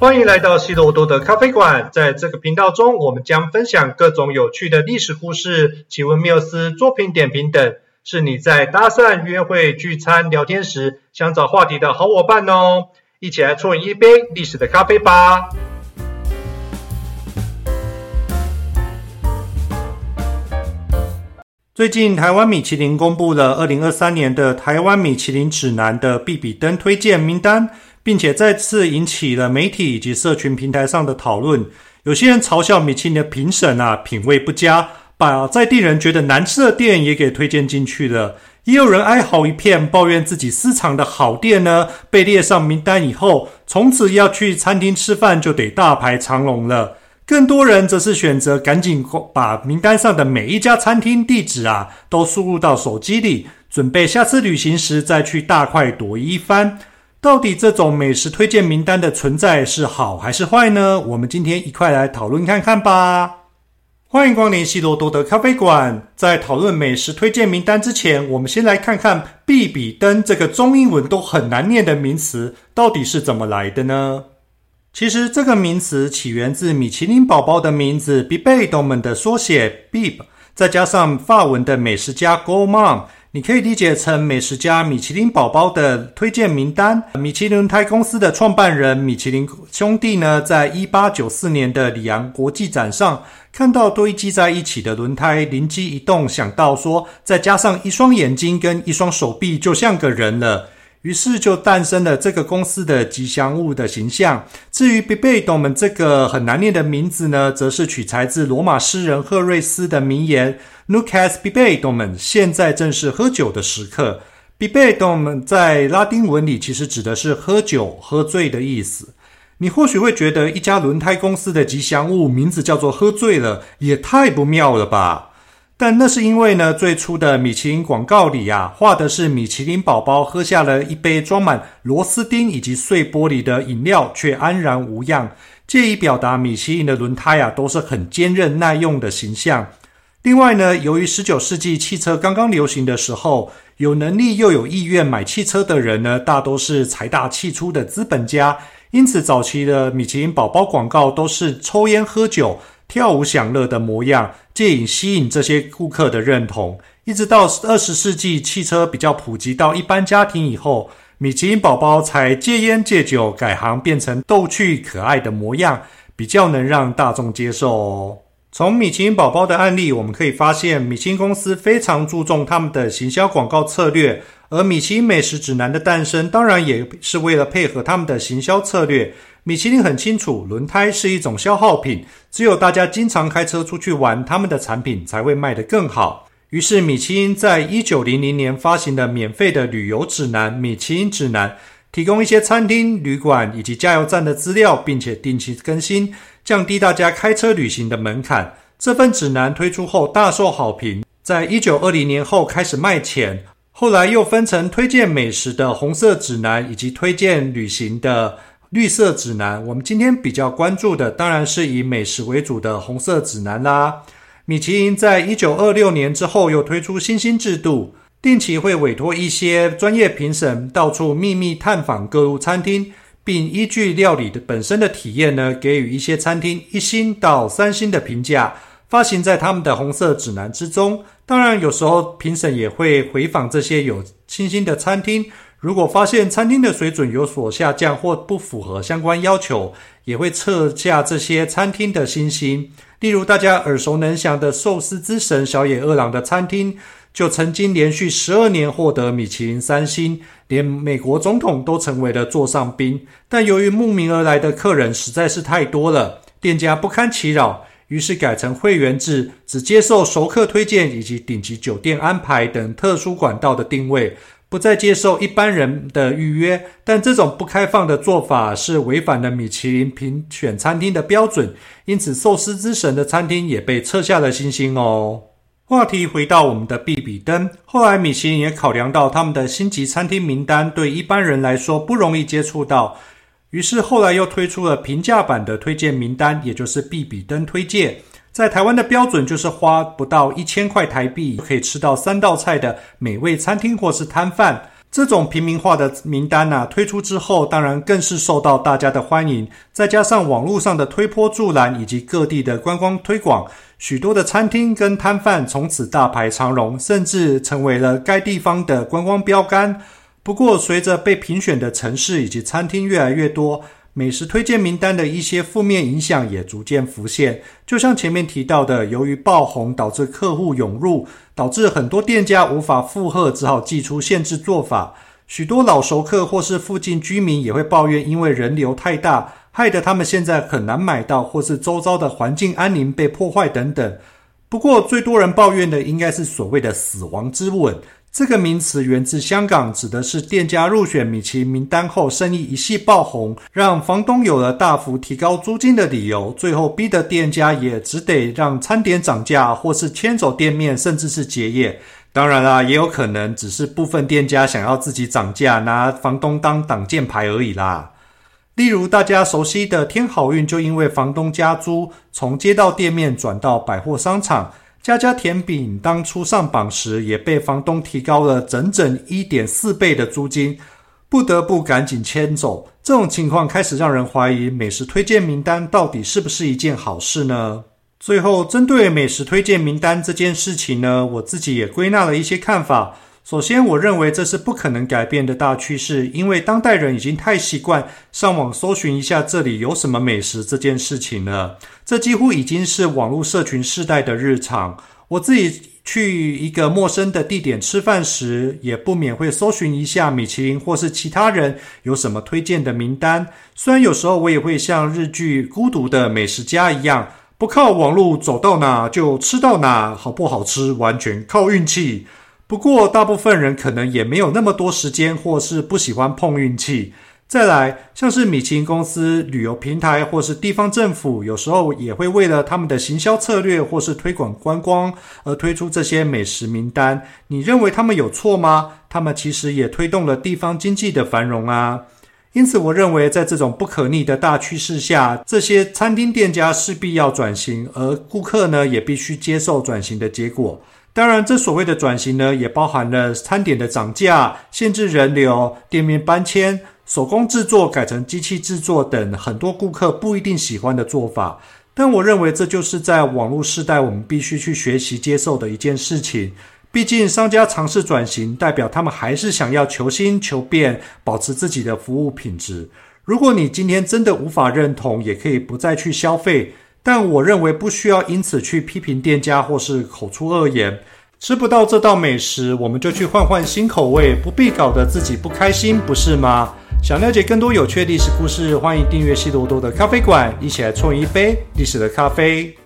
歡迎來到西羅多的咖啡館。在這個頻道中，我們將分享各種有趣的歷史故事、奇聞妙思、作品點評等，是你在搭訕、約會、聚餐、聊天時想找話題的好夥伴哦！一起來沖一杯歷史的咖啡吧。最近，台灣米其林公布了二零二三年的《台灣米其林指南》的必比登推薦名單，並且再次引起了媒體以及社群平台上的討論。有些人嘲笑米其林的評審啊品味不佳，把在地人覺得難吃的店也給推薦進去了；也有人哀嚎一片，抱怨自己私藏的好店呢被列上名單以後，從此要去餐廳吃飯就得大排長龍了。更多人則是選擇趕緊把名單上的每一家餐廳地址啊都輸入到手機裡，準備下次旅行時再去大快朵頤一番。到底這種美食推薦名單的存在是好還是壞呢？我們今天一塊來討論看看吧。歡迎光臨希羅多德咖啡館。在討論美食推薦名單之前，我們先來看看“必比登”這個中英文都很難念的名詞到底是怎麼來的呢？其實，這個名詞起源自米其林寶寶的名字 Bibendum 的縮寫 “Bib”，再加上法文的美食家 Gourmand，你可以理解成美食家米其林寶寶的推薦名單。米其林胎公司的創辦人米其林兄弟呢，在一八九四年的里昂國際展上，看到堆積在一起的輪胎，靈機一動，想到說，再加上一雙眼睛跟一雙手臂，就像個人了。於是就誕生了這個公司的吉祥物的形象。至於 Bibendum” 這個很難念的名字呢，則是取材自羅馬詩人赫瑞斯的名言 Nunc est Bibendum，現在正是喝酒的時刻。Bibendum” 在拉丁文裡其實指的是喝酒、喝醉的意思。你或許會覺得一家輪胎公司的吉祥物名字叫做“喝醉了”也太不妙了吧？但那是因為呢，最初的米其林廣告裡呀、啊，畫的是米其林寶寶喝下了一杯裝滿螺絲釘以及碎玻璃的飲料，卻安然無恙，借以表達米其林的輪胎呀、啊，都是很堅韌耐用的形象。另外呢，由於十九世紀汽車剛剛流行的時候，有能力又有意願買汽車的人呢，大都是財大氣粗的資本家，因此早期的米其林寶寶廣告都是抽煙喝酒。跳舞享樂的模樣，借以吸引這些顧客的認同。一直到二十世紀，汽車比較普及到一般家庭以後，米其林寶寶才戒菸戒酒，改行變成逗趣可愛的模樣，比較能讓大眾接受哦。從米其林寶寶的案例，我們可以發現，米其林公司非常注重他們的行銷廣告策略。而米其林美食指南的誕生，當然也是為了配合他們的行銷策略。米其林很清楚，輪胎是一種消耗品，只有大家經常開車出去玩，他們的產品才會賣得更好。於是，米其林在一九零零年發行的免費的旅游指南《米其林指南》，提供一些餐廳、旅館以及加油站的資料，並且定期更新，降低大家開車旅行的門檻。這份指南推出後大受好評，在一九二零年後開始賣錢。後來又分成推薦美食的紅色指南，以及推薦旅行的綠色指南。我們今天比較關注的當然是以美食為主的紅色指南啦。米其林在一九二六年之後又推出星星制度，定期會委託一些專業評審到處秘密探訪各路餐廳，並依據料理的本身的體驗呢，給予一些餐廳一星到三星的評價。發行在他們的紅色指南之中。當然，有時候評審也會回訪這些有星星的餐廳。如果發現餐廳的水準有所下降或不符合相關要求，也會撤下這些餐廳的星星。例如，大家耳熟能詳的壽司之神小野二郎的餐廳，就曾經連續十二年獲得米其林三星，連美國總統都成為了座上賓。但由於慕名而來的客人實在是太多了，店家不堪其擾。於是改成會員制，只接受熟客推薦以及頂級酒店安排等特殊管道的定位，不再接受一般人的預約。但這種不開放的做法是違反了米其林評選餐廳的標準，因此壽司之神的餐廳也被撤下了星星哦。話題回到我們的必比登，後來米其林也考量到他們的星級餐廳名單對一般人來說不容易接觸到。於是後來又推出了平價版的推薦名單，也就是“必比登推薦”。在台灣的標準就是花不到一千塊台幣可以吃到三道菜的美味餐廳或是攤販。這種平民化的名單呢、啊，推出之後，當然更是受到大家的歡迎。再加上網絡上的推波助瀾以及各地的觀光推廣，許多的餐廳跟攤販從此大排長龍，甚至成為了該地方的觀光標杆。不過，隨着被評選的城市以及餐廳越來越多，美食推薦名單的一些負面影響也逐漸浮現。就像前面提到的，由於爆紅導致客戶湧入，導致很多店家無法負荷，只好祭出限制做法。許多老熟客或是附近居民也會抱怨，因為人流太大，害得他們現在很難買到，或是周遭的環境安寧被破壞等等。不過，最多人抱怨的應該是所謂的“死亡之吻”。這個名詞源自香港，指的是店家入選米其林名單後生意一夕爆紅，讓房東有了大幅提高租金的理由，最後逼得店家也只得讓餐點漲價，或是遷走店面，甚至是結業。當然啦，也有可能只是部分店家想要自己漲價，拿房東當擋箭牌而已啦。例如大家熟悉的添好運，就因為房東加租，從街道店面轉到百貨商場。家家甜品當初上榜時，也被房東提高了整整一點四倍的租金，不得不趕緊遷走。這種情況開始讓人懷疑，美食推薦名單到底是不是一件好事呢？最後，針對美食推薦名單這件事情呢，我自己也歸納了一些看法。首先，我認為這是不可能改變的大趨勢，因為當代人已經太習慣上網搜尋一下這裡有什麼美食這件事情了。這幾乎已經是網絡社群世代的日常。我自己去一個陌生的地點吃飯時，也不免會搜尋一下米其林或是其他人有什麼推薦的名單。雖然有時候我也會像日劇《孤獨的美食家》一樣，不靠網絡走到哪就吃到哪，好不好吃完全靠運氣。不過，大部分人可能也沒有那麼多時間，或是不喜歡碰運氣。再來，像是米其林公司、旅遊平台或是地方政府，有時候也會為了他們的行銷策略或是推廣觀光而推出這些美食名單。你認為他們有錯嗎？他們其實也推動了地方經濟的繁榮啊。因此，我認為在這種不可逆的大趨勢下，這些餐廳店家勢必要轉型，而顧客呢，也必須接受轉型的結果。當然，這所謂的轉型呢，也包含了餐點的漲價、限制人流、店面搬遷、手工制作改成機器制作等很多顧客不一定喜歡的做法。但我認為，這就是在網絡時代我們必須去學習接受的一件事情。畢竟，商家嘗試轉型，代表他們還是想要求新求變，保持自己的服務品質。如果你今天真的無法認同，也可以不再去消費。但我認為不需要因此去批評店家或是口出惡言。吃不到這道美食，我們就去換換新口味，不必搞得自己不開心，不是嗎？想了解更多有趣歷史故事，歡迎訂閱西多多的咖啡館，一起來沖一杯歷史的咖啡。